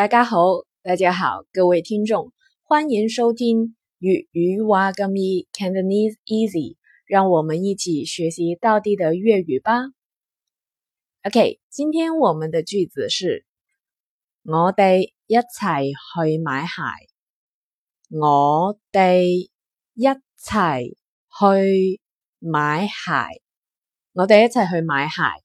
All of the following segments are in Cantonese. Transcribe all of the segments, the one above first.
大家好，大家好，各位聽眾，歡迎收聽粵語話咁易 （Cantonese Easy）。讓我們一起學習到底的粵語吧。OK，今天我們的句子是：我哋一齊去買鞋。我哋一齊去買鞋。我哋一齊去買鞋。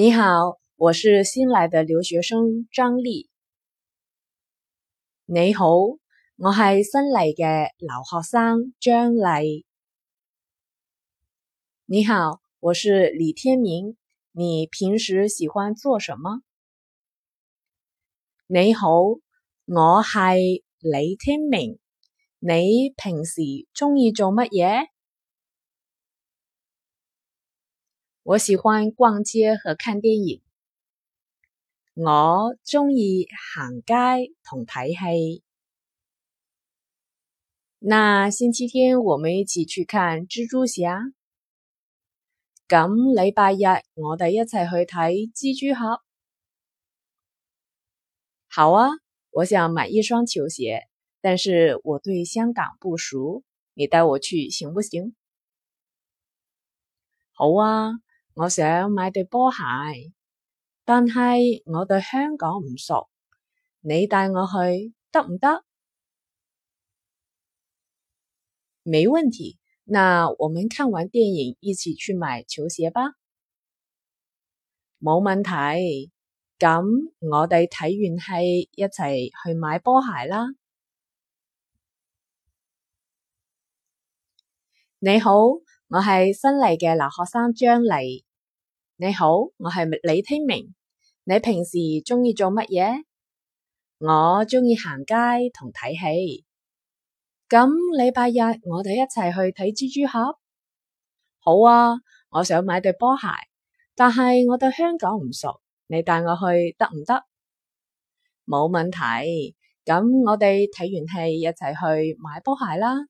你好，我是新來的留學生張莉。你好，我係新嚟嘅留學生張莉。你好，我是李天明。你平時喜歡做什麼？你好，我係李天明。你平時鍾意做乜嘢？我喜歡逛街和看電影。我鍾意行街同睇戲。那星期天我們一起去看蜘蛛俠？咁禮拜日我哋一齊去睇蜘蛛俠？好。好啊，我想買一雙球鞋，但是我對香港不熟，你帶我去行不行？好啊。我想買對波鞋，但係我對香港唔熟，你帶我去得唔得？行不行？沒問題，那我們看完電影一起去買球鞋吧。冇問題，咁我哋睇完戲一齊去買波鞋啦。你好，我係新嚟嘅留學生張莉。你好，我係李天明。你平時鍾意做乜嘢？我鍾意行街同睇戲。咁禮拜日我哋一齊去睇蜘蛛俠？好啊，我想買對波鞋，但係我對香港唔熟，你帶我去得唔得？冇問題，咁我哋睇完戲一齊去買波鞋啦。